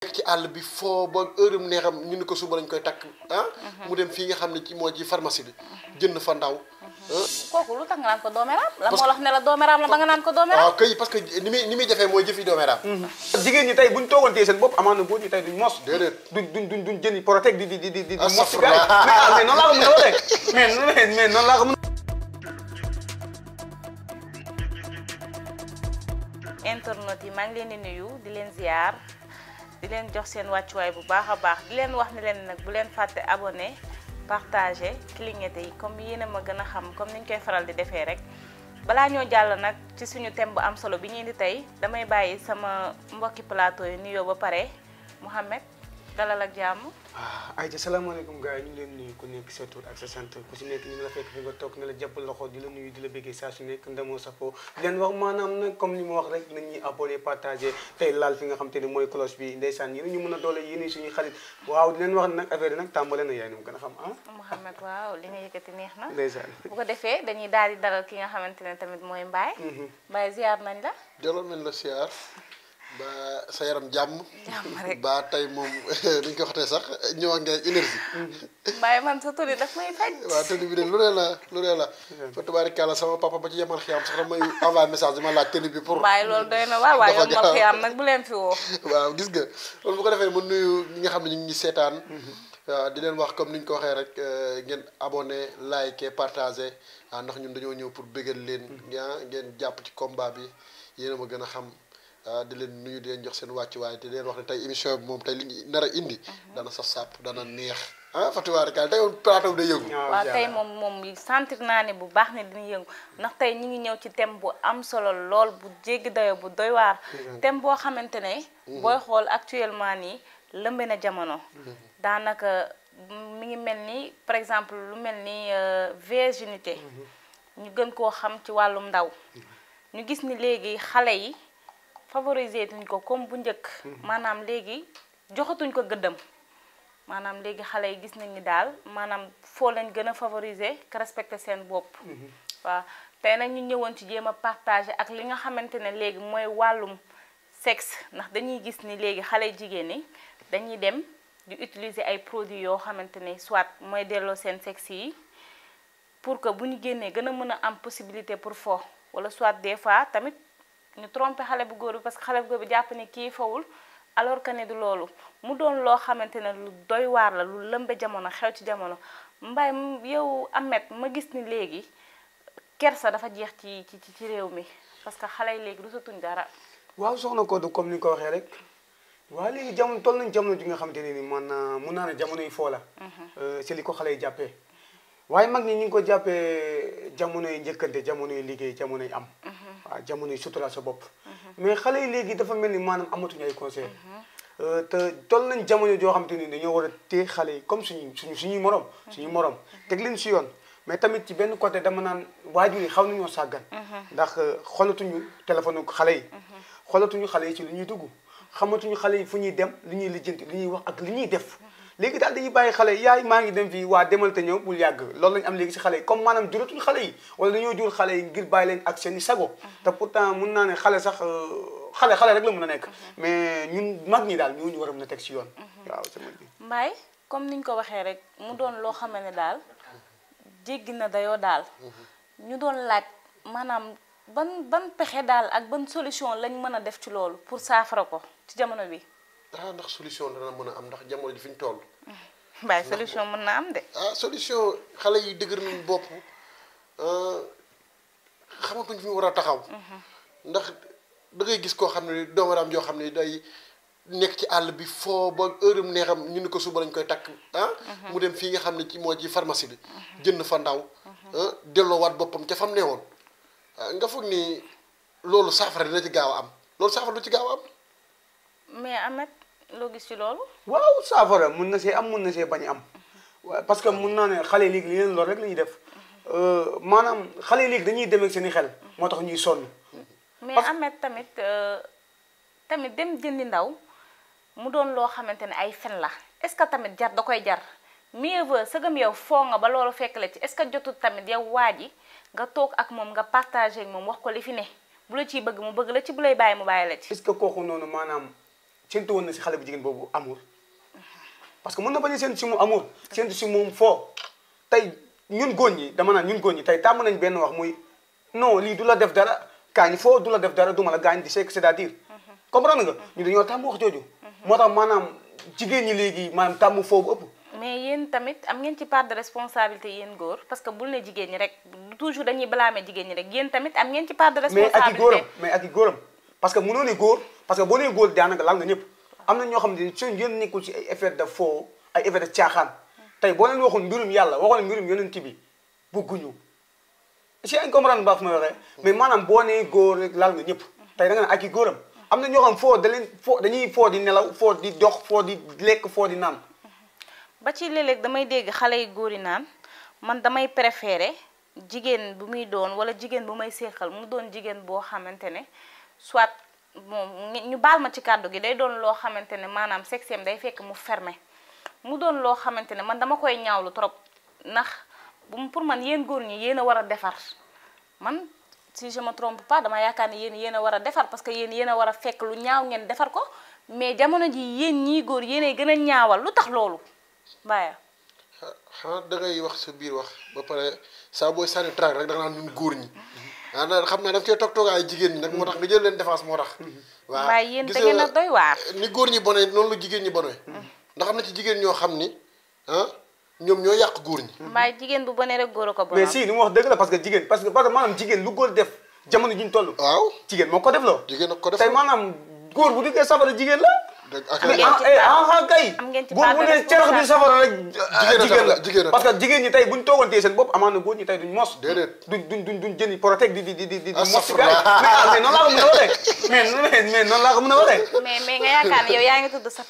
nekk ci àll bi foo ba heure mu neexam ñu ni ko suba lañ koy takk ah. Mhm. mu dem fii nga xam ne ci moo ci pharmacie bi. jënd fa ndaw. Mhm. Ah? kooku lu tax nga naan ko doomeraam. la moo la wax ne la doomeraam la ba nga naan ko doomeraam. waaw ah, kay ni muy mhm. ñi tey bu ñu toogantee seen bopp ñi tey duñ mos. déedéet duñ duñ duñ duñ jëndi protect di di di di di. mos ci gars yi ah, mais noonu laa ko mën a waxee internet yi maa ngi leen di nuyu di leen ziar di leen jox seen wàccuwaay bu baax a baax di leen wax ni leen nag bu leen fàtte abonné partagé clignoté yi comme yéen ma gën a xam comme niñ koy faral di defee rek balaa ñoo jàll nag ci suñu thème bu am solo bi ñuy indi tey damay bàyyi sama mbokki plateau yi nuyoo ba pare Mouhamed dalal ak jàmm. ah Aïcha salaamaaleykum gars yi ñu leen nuyu ku nekk sa tur ak sa sant ku si nekk ñu ngi la fekk fi nga toog ne la jàpp loxo di la nuyu di la bëggee saa su nekk ndamoo safoo di leen wax maanaam nag comme ni ma wax rek nañ ñu mën a doole yéen suñuy xarit waaw di leen wax nag affaire yi nag tàmbale na yaay nu mu gën a xam ah. Mouhamed waaw li nga yëkkati neex na. bu ko defee dañuy daal di dalal ki nga xamante ne tamit mooy Mbaye. Mm-hmm. Mbaye ziar nañ ba sa yaram jàmm. baa rek tey moom nuñ ñu ko sax ñëw ak ngay énergie. Mm. mbaay man sa toni daf may faj. waaw toni bi de lu ne la lu ne la. Mm. fa tubaarikàlla sama papa ba ci yemal xiyam sax damay envoyé message bi ma laaj toni bi pour. waaye loolu doy na waaw waaye yow ma xiyam nag bu leen fi woo. waaw gis nga loolu bu ko defee mu nuyu ñi nga xam ne ñu ngi seetaan. Mm-hmm. waaw di leen wax comme ni ñu ko waxee rek euh, ngeen abonné like partagé ah ndax ñun dañoo ñëw pour bégal leen. Mm-hmm. Ah, ngeen jàpp ci combat bi yéen a gën a xam. Ah, di leen nuyu di jox seen wàccuwaay te di leen wax ne tey émission bi moom tey li ñu nar a indi. Uh-huh. dana saf dana neex. ah Fatou Wade Kalle tey moom plateau yëngu. waaw tey moom moom sentir naa ne bu baax ne dina yëngu ndax tey ñu ngi ñëw ci thème bu am solo lool bu jéggi dayo bu doy waar. Mm-hmm. boo xamante ne. Mm-hmm. booy xool actuellement nii lëmbe na jamono. Mm-hmm. daanaka mi ngi mel ni par exemple lu mel ni euh, virginité. ñu gën koo xam ci wàllum ndaw. ñu gis ni léegi xale yi. favoriser tuñ ko comme bu njëkk. Mhm. maanaam léegi joxatuñ ko gëddam maanaam léegi xale yi gis nañ ni daal maanaam foo lañ gën a favoriser que respecter seen bopp. Mhm. waaw tey nag ñu ñëwoon ci jéem a partager ak li nga xamante ne léegi mooy wàllum sexe ndax dañuy gis ni léegi xale jigéen ñi dañuy dem di utiliser ay produits yoo xamante ne soit mooy delloo seen sexe yi pour que bu ñu génnee gën a mën a am possibilité pour fo wala soit des tamit. ñu tromper xale bu góor bi parce que xale bu góor bi jàpp ne ki fawul alors que ne du lolu mu doon lo xamantene lu doy war la lu lëmbe jamono xew ci jamono mbay yow amet ma gis ni legui kersa dafa jeex ci ci ci rew mi parce que xale legui du sa tuñ dara. waaw soxna ko do comme ni ko waxe rek waaw legui jamono tol nañ jamono gi nga xamantene ni man mu naa ne jamono yi foo la. c'est li ko xale jappé waye mag ñi ñing ko jappé jamono yi njëkkante jamono yi liggéey jamono yi am. waaw jamono yi sutura sa bopp. Mhm. mais xale yi léegi dafa mel ni maanaam amatuñu ay conseil mhm. euh, te toll nañ jamono joo xam te ni dañoo war a téye xale yi comme suñu suñu suñuy morom. Mhm. suñu morom teg leen si yoon. mais tamit ci benn côté dama naan waajur yi xaw nañoo sàggan. ndax euh, xolatuñu téléphone xale yi. xolatuñu xale yi ci lu ñuy dugg. xamatuñu xale yi fu ñuy dem lu ñuy lijjanti lu ñuy wax ak lu ñuy def. léegi daal dañu bàyyi xale yaay maa ngi dem fii waa demal te ñëw bul yàgg loolu lañu am léegi si xale yi comme maanaam juratul xale yi wala dañoo jur xale yi ngir bàyyi leen ak seen i sago te pourtant mun naa ne xale sax euh, xale xale rek la mun a nekk mais ñun mag ñi daal ñu war a mën a teg si yoon waaw sama ji mbaay comme niñ ko waxee rek mu doon loo xam ne daal jéggi na dayoo daal ñu doon laaj maanaam ban ban pexe daal ak ban solution lañ mën a def ci loolu pour saafara ko ci jamono bi dara ndax solution dana mën a am ndax jamono fi ñu toll waaye solution mën na am de. ah solution xale yi dëgër nañu bopp euh, xamatuñ fi mu war a taxaw. Mhm. ndax dangay gis koo xam ne doomaram joo xam ne day nekk ci àll bi foo ba heure neexam ñu ni ko suba lañ koy takk ah. Mhm. mu dem fii nga xam ne ci moo ji pharmacie bi. Mhm. jën fa ndaw. Ah, waat boppam ca fam ne woon ah, nga foog ni loolu saafara dina ci gaaw a am loolu saafara du ci gaaw a am. mais Amath loo gis ci loolu. waaw saafara mun na see am mun na see bañ am parce que mun naa ne xale léegi li leen lool rek la ñuy def euh, maanaam xale léegi dañuy dem ak seen i xel moo tax ñuy sonn. mais Ahmed tamit euh, tamit dem jëndi ndaw mu doon loo xamante ne ay fen la est-ce que tamit jar da koy jar mieux vaut sëgëm yow foo nga ba loolu fekk la ci est-ce que jotul tamit yow waa ji nga toog ak moom nga partagé moom wax ko li fi ne bu la ciy bëgg mu bëgg la ci bu lay bàyyi mu bàyyi la ci. est kooku noonu maanaam. séntu woon na si xale bu jigéen boobu amour parce que mun na bañ a séntu si mu amour séntu si moom foo tey ñun góor ñi dama naan ñun góor ñi tey tàmm nañ benn wax muy non lii du la def dara kaañ foo du la def dara du ma la gaañ di sekk c'est-à-dire comprendre nga ñu dañoo tàmm wax jooju moo tax maanaam jigéen ñi léegi maanaam tàmm foo bu ëpp mais yéen tamit am ngeen ci part de responsabilité yéen góor parce que bul ne jigéen ñi rek toujours dañuy blâmer jigéen ci part de mais ak parce que mënoo ne góor que boo nee góor daanaka laal nga ñëpp am na ñoo xam ne seen yéen nekkul ci ay effet de faux ay effet de caaxaan tey boo leen waxoon mbirum yàlla waxoon mbirum yonent bi bëgguñu si ay comprendre baax ma waxee mais maanaam boo nee góor rek laal nga ñëpp tey da ne ak i góoram am na ñoo xam foo da foo dañuy foo di nelaw foo di dox foo di lekk foo di naan ba ci léeg damay dégg xale yi góor yi naan man damay préféré jigéen bu muy doon wala jigéen bu may séexal mu doon jigéen boo xamante ne soit moom ñu baal ma ci kàddu gi day doon loo xamante ne maanaam sexeem day fekk mu ferme mu doon loo xamante ne man dama koy ñaawlu trop ndax bu pour man yéen góor ñi yéen a war a defar man si je me dama yaakaar ne yéen yéen a war a defar parce que yéen yéen a war a fekk lu ñaaw ngeen defar ko mais jamono ji yéen ñii góor yéenay gën a ñaawal lu tax loolu waaye. xanaa da wax sa biir wax ba pare saa booy sànni rek da nga góor ñi. ah xam naa daf cee toog toogaay jigéen nag moo tax nga jël leen défense moo tax waaye yéen da ngeen a doy waar ni góor ñi bonee noonu la jigéen ñi bonee mm. ndax am na ci jigéen ñoo xam ni ah, ñoom ñoo yàq góor ñi waaye jigéen bu bonee rek góor a ko bon mais si li mu wax dëgg la parce que jigéen parce que parce que maanaam jigéen lu góor def jamono juñ toll waaw jigéen moo ko def loo jigéen ko def tey maanaam góor bu duggee safara jigéen la ah kay bu mu ne cerox bi safara rek jigéen ñi tey buñ toogoon tey seen bopp amaan na góor ñi tey duñ mos duñ duñ duñ duñ jënd protect di di a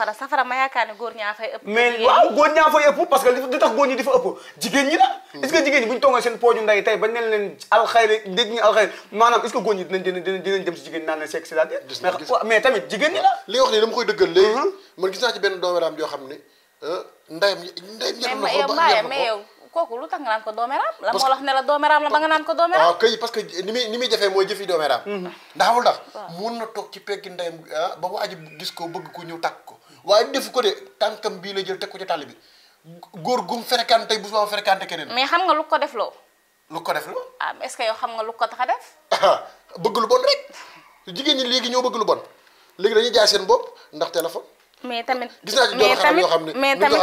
a safara ma yaakaar ne góor ñaa fay ëpp mais waaw ñaa fay ëpp parce que li tax góor ñi di fa ëpp jigéen ñi la est-ce jigéen ñi buñ toogoon seen pooju ndey tey bañ leen leen alxayri dégg ñu alxayri maanaam est-ce ñi dinañ dinañ dinañ si jigéen naan leen seeg c'est-à-dire tamit jigéen ñi la léegi uh-huh. man gis na ci benn doomeraam joo xam ne ah, ndayam ndayam yàq ko ba lu tax nga naan ko doomeraam la moo wax ne la doomeraam la ba nga naan ko doomeraam waaw ah, kay parce que ni muy ni muy jafee mooy jëfi doomeraam mm-hmm. ndax amul ndax na toog ci peggi ndayam ah, ba mu aji gis ko bëgg ko ko ko de la jël ko ci bi gum fréquenté bu soo fréquenté keneen mais xam nga lu ko def loo lu ko def loo ah est-ce que yow xam nga lu ko def bëgg lu bon rek jigéen ñi ñoo bëgg lu bon léegi dañuy jaay seen bopp ndax téléphone. mais tamit gis naa ci doon xaral yoo xam ne mais tamit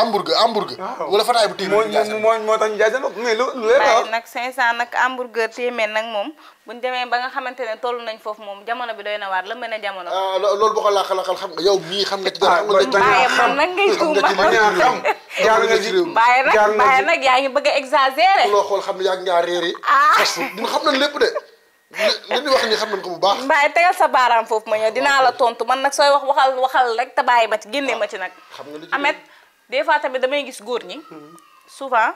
hamburger hamburger. wala fataay bu moo moo tax moom moom jamono bi doy na waar la mel ne jamono. ah boo ko laaxal xam nga mii xam nga ci dara. Ah, xam nag bàyyi nag yaa ngi bëgg a exagérer. loo xool xam yaa ngi ngaa ah parce que xam nañ lépp de li ñu wax ni xam nañ ko bu baax. mbaay tegal sa baaraam foofu ma ñëw dinaa la tontu man nag sooy wax waxal waxal rek te bàyyi ma ci génne ma ci nag. Ah, xam nga li Amet des fois tamit damay gis góor ñi. Hmm. souvent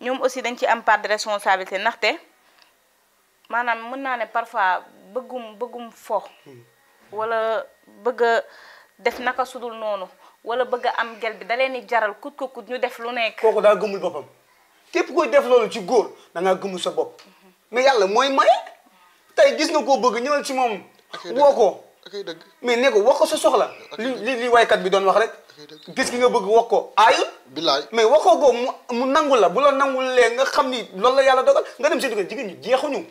ñoom aussi dañ ci am part de responsabilité ndaxte maanaam mën naa ne parfois bëggum bëggum fo. Hmm. wala bëgg a def naka sudul noonu wala bëgg am gel bi da leen di jaral kut ko kut ñu def lu nekk. kooku daa gëmul boppam képp koy def loolu ci góor da ngaa sa bopp hmm. mais yàlla mooy maye. tey gis na koo bëgg ñëwal ci moom. woo ko. mais ne ko wax ko sa soxla. li li li waykat bi doon wax rek. gis ki nga bëgg wax ko aayul. billaay mais wax ko mu mu nangu la bu la nangu lee nga xam ni loolu la yàlla dogal nga dem séddu ko jigéen ñi jeexuñu.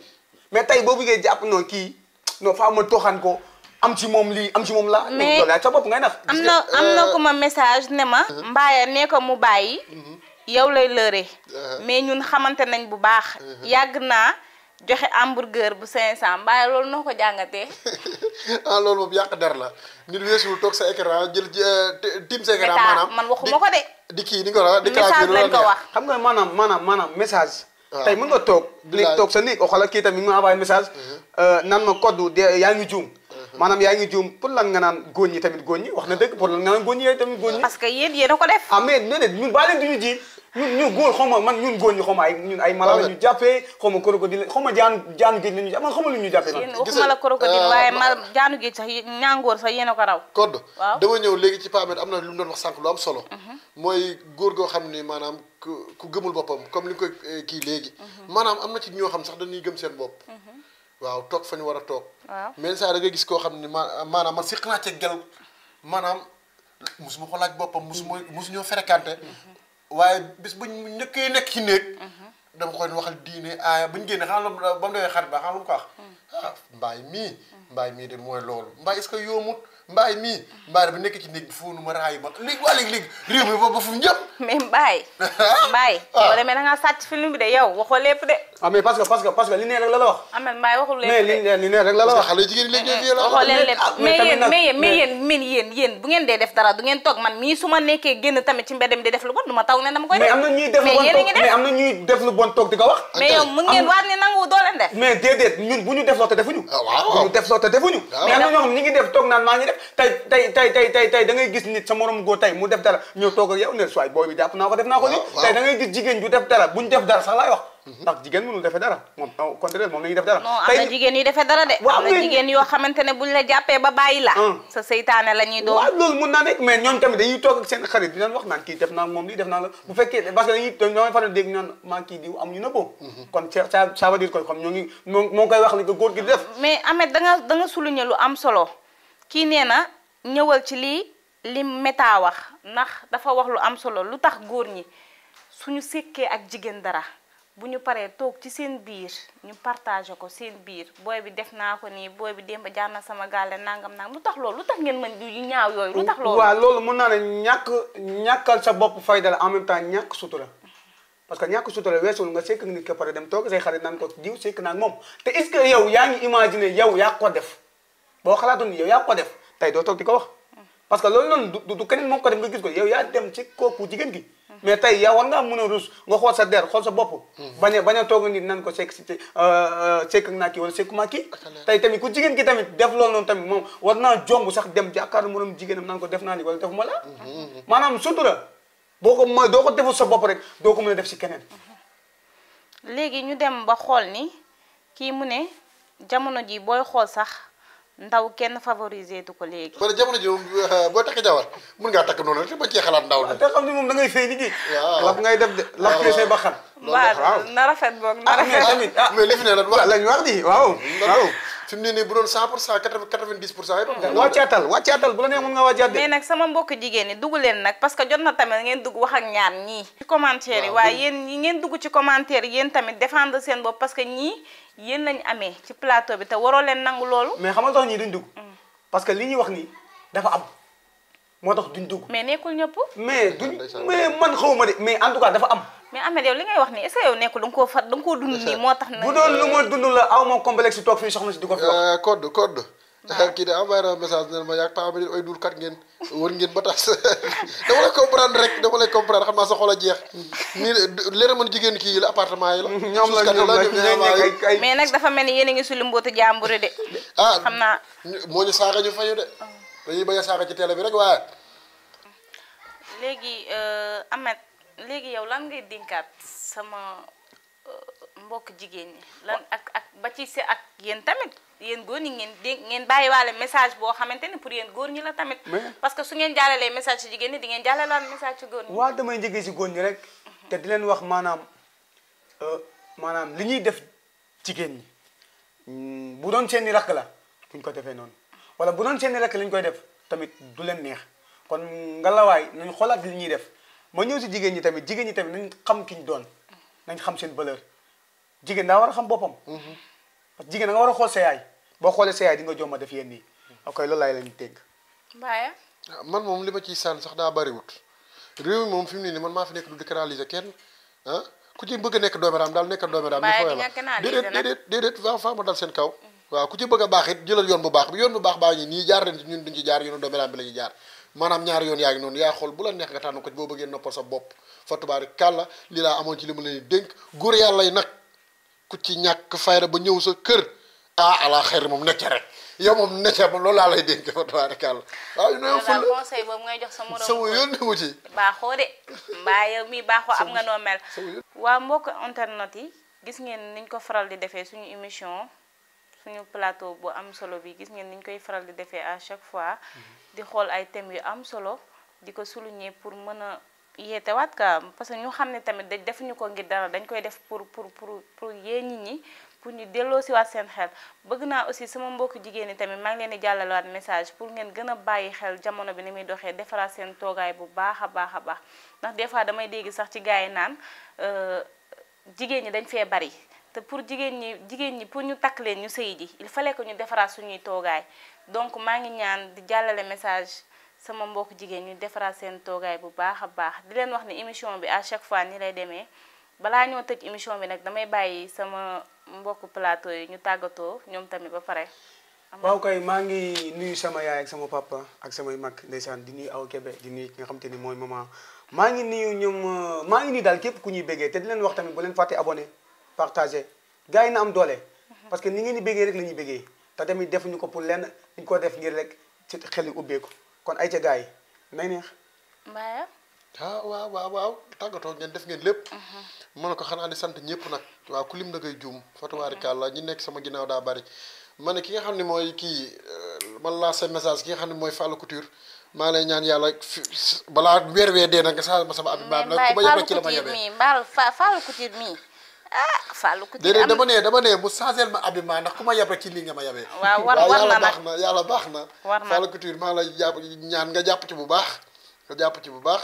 mais tey boo bëggee jàpp noonu kii non faa ma tooxaan ko am ci moom lii am ci moom la. mais loolu sa bopp ngay nax. am na am na euh, ku ma message ne ma. Uh-huh. mbaaya nee ko mu bàyyi. Mm-hmm. yow lay lëre. Uh-huh. mais ñun xamante nañ bu baax. Uh-huh. yàgg naa. joxe hamburger bu 500 mbaa lolou noko jangate ya? ah lolou bu yak dar la nit wessu tok sa écran jël tim sa écran manam man waxuma ko de. di ki ni ko la di ka ko xam nga manam manam manam message. Ah. tay mën nga toog. léegi tok sa nit o xoolal kii tam mi avay message euh message. nan ma code yaa ngi djum manam yaangi ngi juum pour lan nga nan góor tamit góor waxna deug pour lan nga naan góor tamit góor parce que iya, yeen yeen ko def. ah mais déedéet ñun baa leen duñu ñun ñun góor xaw ma man ñun góor ñu xaw ma ay ñun ay mala ah, la ñu jàppee xaw ma crocodile xaw ma jaan jaanu géej la ñu man jàppee man waxuma la crocodile waaye euh, ma jaanu géej sax ñaangoor sax yéen a ko raw kodd waaw dama ñëw léegi ci paamet am na lu mu doon wax sànq lu am solo mhm. mooy góor goo xam ni maanaam ku gëmul boppam comme li nga ko eh, kii léegi mhm. maanaam am na ci ñoo xam sax dañuy gëm seen bopp mhm. waaw toog fa ñu war a toog mais saa da nga gis koo xam ni ma maanaam man siqnaa ce gel maanaam musuma ko waaye bis buñ njëkkee nekk ci néeg mhm. dama koy waxal diine aaya buñ génne xam la ba mu demee xarit ba xam lu mu ko mhm. ah mbaay mii mhm. mbaay mii de mooy loolu mbaay est-ce yoomut mbaay mii mbaay ba bi fóonu ma raayu ma léegi waa léegi mbaay mbaay ah. boo demee da ngaa sàcc bi de yow waxoo lépp de ah mais parce que parce que parce que li bu ngeen dee def dara du ngeen toog man mii su ma nekkee tamit ci mbedem di def lu bon du ma taw ne dama koy def am na ñuy def lu bon mais am wax mais yow mu ngeen waat ni nangu doo leen def mais déedéet ñun bu ñu def loo te defuñu ah, bu ñu def loo te defuñu ah, mais am na ñoo xam ñi ngi def toog def tey tey tey tey tey gis nit sa morom góor tey mu def dara ñëw toog ak yow ne suwaay booy bi jàpp naa ko def naa ko li tey tamit dañuy toog seen xarit di leen wax dégg ñaan maa kii diw amuñu na boo mhm. kon ça ça veut dire wax li ko gi di def mais Ameth da nga am solo kii nee na ñëwal ci lii li méta wax ndax dafa wax lu am solo lu tax góor ñi ñu sékkee ak jigéen dara bu ñu paree toog ci seen biir ñu partagé ko seen biir booy bi def naa ko nii booy bi démb jaar na sama gaale nangam nangam lu tax loolu lu tax ngeen mën yu ñaaw yooyu lu tax loolu waaw loolu mun naa ne ñàkk ñàkkal sa bopp fayda la en même temps ñàkk sutura parce que ñàkk sutura weesul nga sekk nit ko pare dem toog say xarit naan ko diw sekk naa moom te def boo xalaatu ni yow yaa ko def tey doo toog di ko wax mm. parce que loolu noonu du du keneen moo ko def nga gis ko yow yaa dem ci kooku jigéen gi mm. mais tey yaa war ngaa mën a rus nga xool sa der xool sa bopp mm. bañ a bañ a toog nit nan ko sekk si euh, euh, seek ak naa kii wala seeku maa kii tey tamit ku jigéen ki tamit def loolu noonu tamit moom war naa jomb sax dem jàkkaarlu moroom jigéenam nan ko def naa ni wala defuma la mm-hmm, mm-hmm. maanaam sutura boo ko mooy doo ko deful sa bopp rek doo ko mën a def si keneen mm-hmm. léegi ñu dem ba xool ni kii mu ne jamono ji booy xool sax ndaw kenn favoriser du ko léegi. kon jamono ji moom euh, boo takk jawar mun ngaa takk noonu rek ba cee xalaat ndaw la. te xam ne moom da ngay fay liggéey. waaw laf ngay def de laf ngay fay ba xam. waaw na rafet boog na ah, rafet ah, mais li fi ne la wax lañ war di waaw waaw fi mu ne nii bu doon cent pour cent quatre-vingt-dix pour cent yëpp wàccaatal wàccaatal bu la nee mën nga wàccaat de mais nag sama mbokk jigéen ñi dugg leen nag parce que jot na tamit ngeen dugg wax ak ñaar ñii ci commentaire yi waaye yéen ñi ngeen dugg ci commentaire yéen tamit défendre seen bopp parce que ñii yéen lañ amee ci plateau bi te waroo leen nangu loolu mais xam nga tax ñii duñ dugg mm. parce que li ñuy wax nii dafa am motax duñ dugg. mais nekul ñëpp. mais duñ mais man xaw ma de mais en tout cas dafa am. mais amel yow li ngay wax ni est-ce yow nekul dang ko fat dang ko dund ni motax na bu doon lu ma dund la aw ma complexe tok fi soxna ci diko fi wax. Eh, code code. Ah. kii de envoyé na message ne ma yaa ngi Paa Amady ay dul kat ngeen wër ngeen ba dama lay comprendre rek dama lay comprendre xam naa sa xol a jeex nii leer mën jigéen kii la appartement yi la. ñoom la ñoom la mais nag dafa mel ni yéen a ngi suñu mbootu jàmbur de. ah xam naa. moo ñu saaga de. Ah. dañuy bañ a saaga ci télé bi rek waaye. léegi euh, Ameth léegi yow lan ngay dénkaat sama euh, mbok jigéen ñi. lan ak ak ba ci se ak yéen tamit yéen góor ñi ngeen dé ngeen bàyyiwaale message boo xamante ni pour yéen góor ñi la tamit. parce que su ngeen jàllalee message ci jigéen ñi di ngeen jàllalaat message ci góor ñi. waaw damay njëkkee si góor ñi rek. te di leen wax maanaam euh, maanaam li ñuy def jigéen ñi hmm, bu doon seeni rakk la buñ ko defee noonu. wala bu doon seen rek lañ koy def tamit du leen neex kon ngalawaay nañ xoolaat li ñuy def ma ñëw si jigéen ñi tamit jigéen ñi tamit nañ xam ki ñu doon nañ xam seen valeur jigéen daa war a xam boppam. parce que jigéen da nga war a xool sa yaay boo xoolee sa yaay di nga jomma def yéen nii. ok loolu laay lañ teg. waaye. man moom li ma ciy sànni sax daa bariwut réew mi moom fi mu ne nii man maa fi nekk du décrédibiliser kenn ah ku ci bëgg a nekk dooméraam daal nekkal dooméraam. waaye di nga déedéet déedéet waaw seen kaw. waaw ku ci bëgg a baax it jëlal yoon bu baax bi yoon bu baax baa ngi nii jaar leen ci ñun la ñuy jaar maanaam ñaari yoon yaa ngi noonu yaa xool fa ba ñëw sa kër ah ala xayri moom nekk moom nekk moom loolu laa lay dénk fa tubaari kàlla la conseil boobu ngay jox sa morom sama yoon ne wuti baaxoo de mbaa yow mi baaxoo am nga noo mel waaw mbokk internet yi gis ngeen niñ ko faral di defee suñu émission suñu plateau bu am solo bi gis ngeen ni ñu koy faral di defee à chaque fois mhm. di xool ay thèmes yu am solo di ko souligner pour mën a yeetewaat ka parce que ñu xam ne tamit dañ defuñu ko ngir dara dañ koy def pour pour pour pour yee nit ñi pour ñu delloo delloosiwaat seen xel bëgg naa aussi sama mbokku jigéen ñi tamit maa ngi leen di jàllalewaat message pour ngeen gën a bàyyi xel jamono bi ni muy doxee defaraat seen toogaay bu baax a baax a baax ndax des fois damay dégg sax ci gars yi naan euh, jigéen ñi dañ fee bari te pour jigéen ñi jigéen ñi pour ñu takk leen ñu sëy ji il fa que ñu defaraat suñuy toogaay donc maa ngi ñaan di jàllale message sama mbokk jigéen ñu defaraat seen toogaay bu baax a baax di leen wax ni émission bi à chaque fois ni lay demee balaa ñoo tëj émission bi nag damay bàyyi sama mbokk plateau yi ñu tàggatoo ñoom tamit ba pare. waaw kay maa ngi nuyu sama yaay ak sama papa ak samay mag ndeysaan di nuyu aw kebe di nga xam te ni mooy maman maa ngi nuyu ñoom maa ngi nuyu daal ku ñuy béggee te di leen wax leen fàtte abonné. partagé gars yi na am doole. parce que ni ngeen di bëggee rek la ñuy bëggee te tamit defuñu ko pour lenn ñu ko def ngir rek ci xel yu ubbeeku kon ay ca gars yi nay neex. mbaaya. ah waaw waaw waaw tàggatoo ngeen def ngeen lépp. mën na ko xanaa di sant ñëpp nag. waaw ku lim da ngay juum. fatabaarikàlla ñi nekk sama ginnaaw daa bari. ma ki nga xam ne mooy kii man laa sa message ki nga xam ne mooy Fallou Couture maa lay ñaan yàlla fi balaa weer wee dee nag saa ma sama. ab baab nag Couture mii Fallou Couture mii. ah Fallou ku ci dama ne dama ne mu changé ma abi ma ndax ku ma yab rek ci lii nga ma yabee. waaw war na nag waaw yàlla baax na yàlla baax na. Fallou ñaan nga jàpp ci bu baax nga jàpp ci bu baax.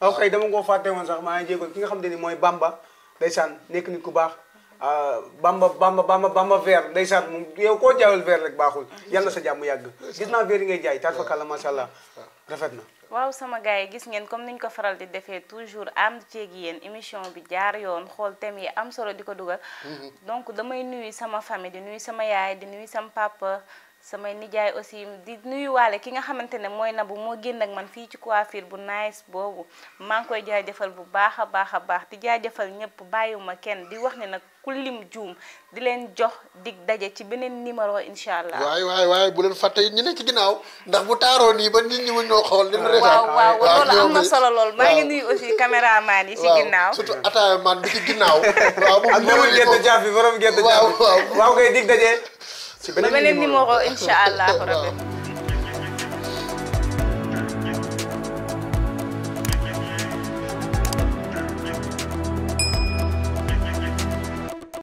waaw kay dama ko fàtte woon sax maa ngi jéego ki nga xam te ni mooy Bamba ndeysaan nekk nit ku baax. Ah, bamba bamba bamba bamba vert ndeysaan moom yow koo jaawel vert rek baaxul ah, yàlla sa jàmm yàgg gis naa vert yi ngay jaay taat fa kàlla macha allah rafet na waaw sama gars yi gis ngeen comme ni ñu ko faral di defee toujours ànd ceeg yéen émission bi jaar yoon xool thème yi am solo di ko dugal mm-hmm. donc damay nuyu sama famille di nuyu sama yaay di nuyu sama papa samay nijaay aussi di nuyuwaale ki nga xamante ne mooy Nabou moo génn ak man fii ci coiffure bu nice boobu maa ngi koy jaajëfal bu baax a baax a baax di jaajëfal ñëpp bàyyiwuma kenn di wax ne nag ku lim juum di leen jox dig daje ci beneen numéro incha allah. waay waay waay bu leen fàtte yi ñu ne ci ginnaaw ndax bu taaroo nii ba nit ñi mu ñoo xool. dina rëcc waaw waaw loolu am na solo lool. maa ngi nuyu aussi caméraman yi ci ginnaaw. surtout ataaya man bi ci ginnaaw. waaw moom mooy li moom ak borom gerte jaaf bi borom gerte jaaf bi waaw waaw waaw koy dig daje. ci beneen numéro incha allah rabbi